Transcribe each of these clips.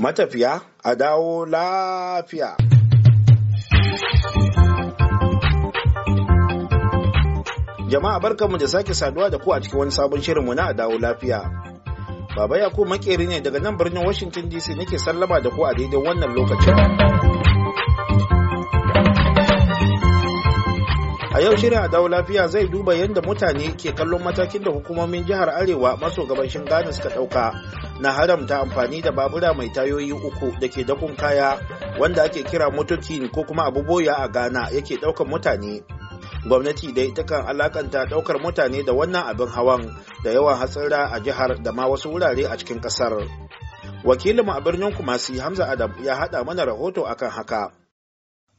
matafiya a dawo lafiya. Jama'a barkanmu da sake saduwa da ku a cikin wani sabon shirinmu na a dawo lafiya. Baba Yakubu makeri ne daga nan birnin Washington DC nake sallama da ku a daidai wannan lokacin. A yau shirin a lafiya zai duba yadda mutane ke kallon matakin da hukumomin jihar Arewa maso gabashin Ghana suka ɗauka na haramta amfani da babura mai tayoyi uku da ke dakon kaya wanda ake kira Motokin ko kuma abuboya a Ghana yake ɗaukan mutane. Gwamnati dai kan alakanta daukar mutane da wannan abin hawan da yawan hatsara a jihar da ma wasu wurare a cikin ƙasar. wakilin a birnin Kumasi Hamza Adam ya haɗa mana rahoto akan haka.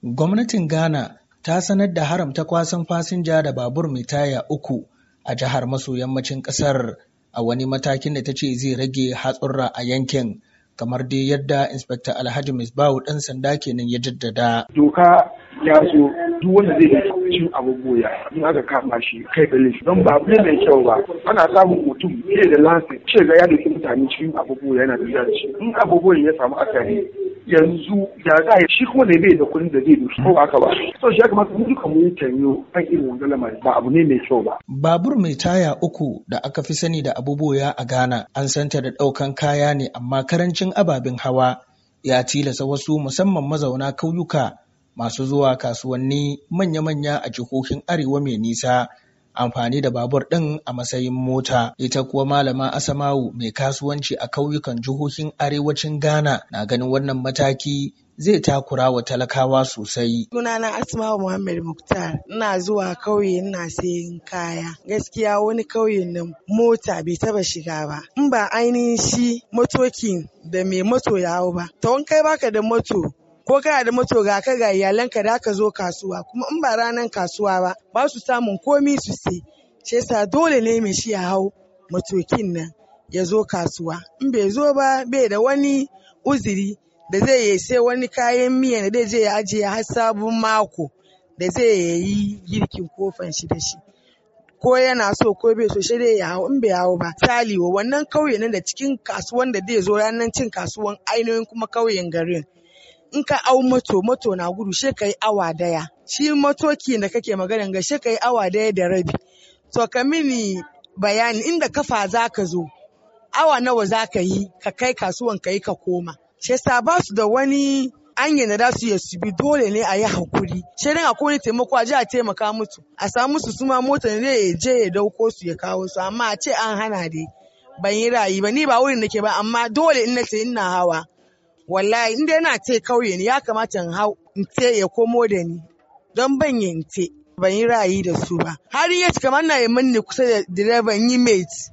Gwamnatin Ghana ta sanar da haramta kwasan fasinja da babur mai taya uku a jihar maso yammacin ƙasar a wani matakin da ta ce zai rage hatsura a yankin kamar dai yadda inspector alhaji misbahu dan sanda kenan ya jaddada doka ya zo duk wanda zai yi cin abubuwa, goya in aka kama shi kai da laifi don ba ne mai kyau ba ana samun mutum zai da lansin ce ga ya doki mutane cikin abubuwa yana da shi in abubuwan ya samu asali yanzu ya za a shi kuma ne bai da kuɗin da zai dusu ko aka ba so shi ya kamata mu duka mun tanyo kan irin wanda lamari ba abu ne mai kyau ba babur mai taya uku da aka fi sani da abubuwa a Ghana an santa da ɗaukan kaya ne amma karancin ababen hawa ya tilasa wasu musamman mazauna kauyuka masu zuwa kasuwanni manya-manya a jihohin arewa mai nisa amfani da babur ɗin a matsayin mota. Ita kuwa malama Asamawu mai kasuwanci a kauyukan jihohin arewacin Ghana na ganin wannan mataki zai takura wa talakawa sosai. Sunana Asma'u Muhammad Muktar, ina zuwa kauye ina sayan kaya. Gaskiya wani kauyen nan mota bai taba shiga ba. In ba ainihin shi motokin da mai moto ya hau ba. Ta kai baka da moto ko kana da mato ga ka ga iyalanka da ka zo kasuwa kuma in ba ranar kasuwa ba ba su samun komai su sai shi sa dole ne mai shi ya hau matokin nan ya zo kasuwa in bai zo ba bai da wani uzuri da zai yi sai wani kayan miya da zai je ya ajiye har sabon mako da zai yi girkin kofan shi da shi ko yana so ko bai so shi dai ya hau in bai hau ba tali wa wannan kauye nan da cikin kasuwan da zai zo ranar cin kasuwan ainihin kuma kauyen garin in ka au moto moto na gudu she kai awa daya shi motoki da kake magana ga she kai awa daya da rabi to ka mini bayani inda kafa za ka zo awa nawa za ka yi ka kai kasuwan ka yi ka koma she sa ba su da wani yi da za su iya su bi dole ne a yi hakuri shi dan akwai taimako a ji a taimaka mutu, a samu su suma mota ne ya je ya dauko su ya kawo su amma a ce an hana dai ban yi rayi ba ni ba wurin nake ba amma dole in na ce ina hawa wallahi in yana na te kauye ne ya kamata in hau in te ya komo da ni don ban yi in ban yi ra'ayi da su ba har yi cika manna ya manne kusa da direban yi mate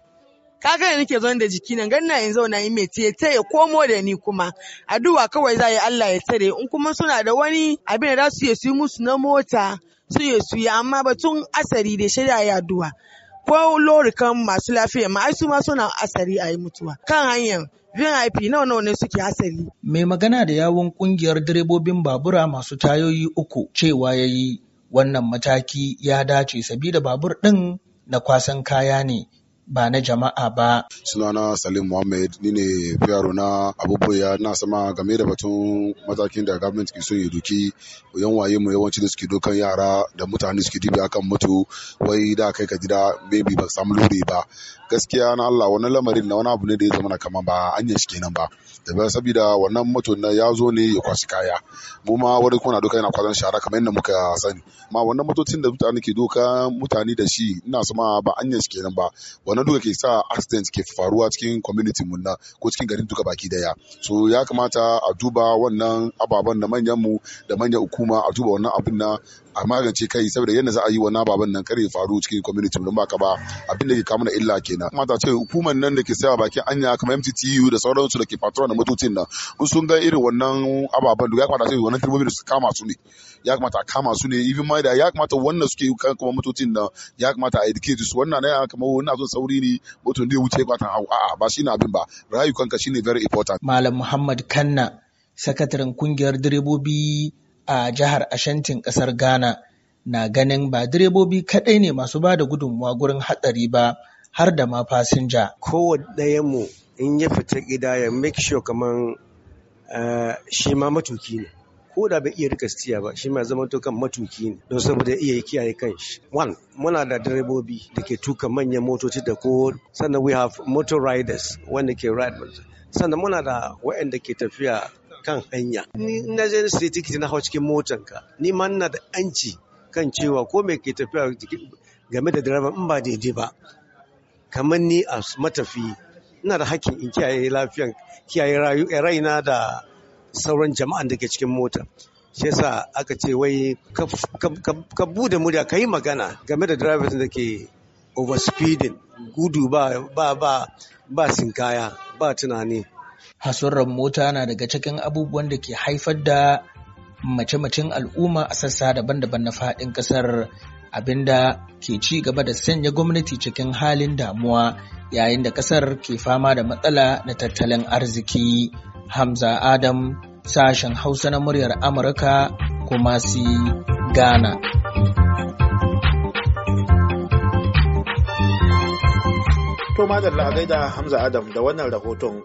kaga da nake zaune da jiki nan ganna in zauna yi mate ya ya komo da ni kuma addu'a kawai za yi Allah ya tare in kuma suna da wani abin da su su yi musu na mota su yi su yi amma batun asari da shirya ya addu'a ko lorikan masu lafiya ma ai su ma suna asari a yi mutuwa kan hanyar VIP nawa nawa ne suke hasari. Mai magana da yawun kungiyar direbobin babura masu tayoyi uku cewa yayi wannan mataki ya dace sabida babur ɗin na kwasan kaya ne ba na jama'a ba. Sunana Salim Muhammad ni ne fiyaro na abubuwa na sama game da batun matakin da gwamnati ke son ya duki yan waye mu yawanci da suke dokan yara da mutane suke dibi akan mutu wai da kai ka gida baby ba samu lure ba gaskiya na Allah wannan lamarin na wani abu ne da ya zama kama ba anya shi kenan ba da ba saboda wannan mutu na ya zo ne ya kwashi kaya mu ma wani kuna doka yana kwazon shara kamar yadda muka sani ma wannan motocin da mutane ke doka mutane da shi ina sama ba anya shi kenan ba wannan duka ke sa accident ke faruwa cikin community mun na ko cikin garin duka baki daya so ya kamata a duba wannan ababen da manyan mu da manyan hukuma a duba wannan abin na a magance kai saboda yadda za a yi wannan ababen nan kare faru cikin community mun baka ba abin da ke kawo mana illa kenan kamata ce hukumar nan da ke sa bakin anya kamar MTTU da sauransu da ke patrol da motocin nan in sun ga irin wannan ababen ya kamata ce wannan turbobi su kama su ne ya kamata a kama su ne even ma da ya kamata wannan suke kan kuma motocin nan ya kamata a educate su wannan ne kamar wannan zo sau wuri ne mutum zai wuce ba hau a'a ba shi abin ba rayukanka shine very important malam muhammad kanna sakataren kungiyar direbobi a jihar ashantin kasar ghana na ganin ba direbobi kaɗai ne masu ba da gudunmuwa gurin hatsari ba har da ma fasinja. Kowane mu in ya fita gida ya make sure kaman eh, shi ma matuki ne. ko da bai iya rika stiya ba shi ma zama kan matuki ne don saboda iya kiyaye kanshi one muna da direbobi da ke tuka manyan motoci da ko sannan we have motor riders wanda ke ride sannan muna da waɗanda ke tafiya kan hanya ni na je sai tikiti na hau cikin ka ni ma na da anci kan cewa ko me ke tafiya game da direban in ba daidai ba kamar ni a matafi ina da hakkin in kiyaye lafiyan kiyaye raina da sauran jama'an da ke cikin mota shi yasa aka ce wai ka bude murya ka yi magana game da drivers da ke overspeeding gudu ba ba ba ba sinkaya ba tunani hasurran mota na daga cikin abubuwan da ke haifar da mace-macen al'umma a sassa daban-daban na faɗin ƙasar abinda ke ci gaba da sanya gwamnati cikin halin damuwa yayin da ƙasar ke fama da matsala na tattalin arziki hamza adam sashen Hausa na muryar Amurka kuma si Ghana. To madalla gaida Hamza Adam da wannan rahoton.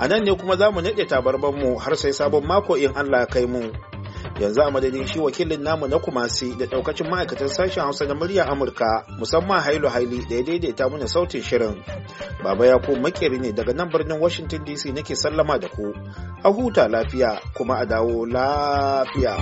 A nan ne kuma za mu naɗe tabarbanmu har sai sabon mako in Allah ya kai mu. yanzu a madadin shi wakilin namu na kumasi da daukacin ma'aikatan sashen hausa na murya amurka musamman hailu haili da ya daidaita mana sautin shirin baba ya ku makeri ne daga nan birnin washington dc nake sallama da ku a huta lafiya kuma a dawo lafiya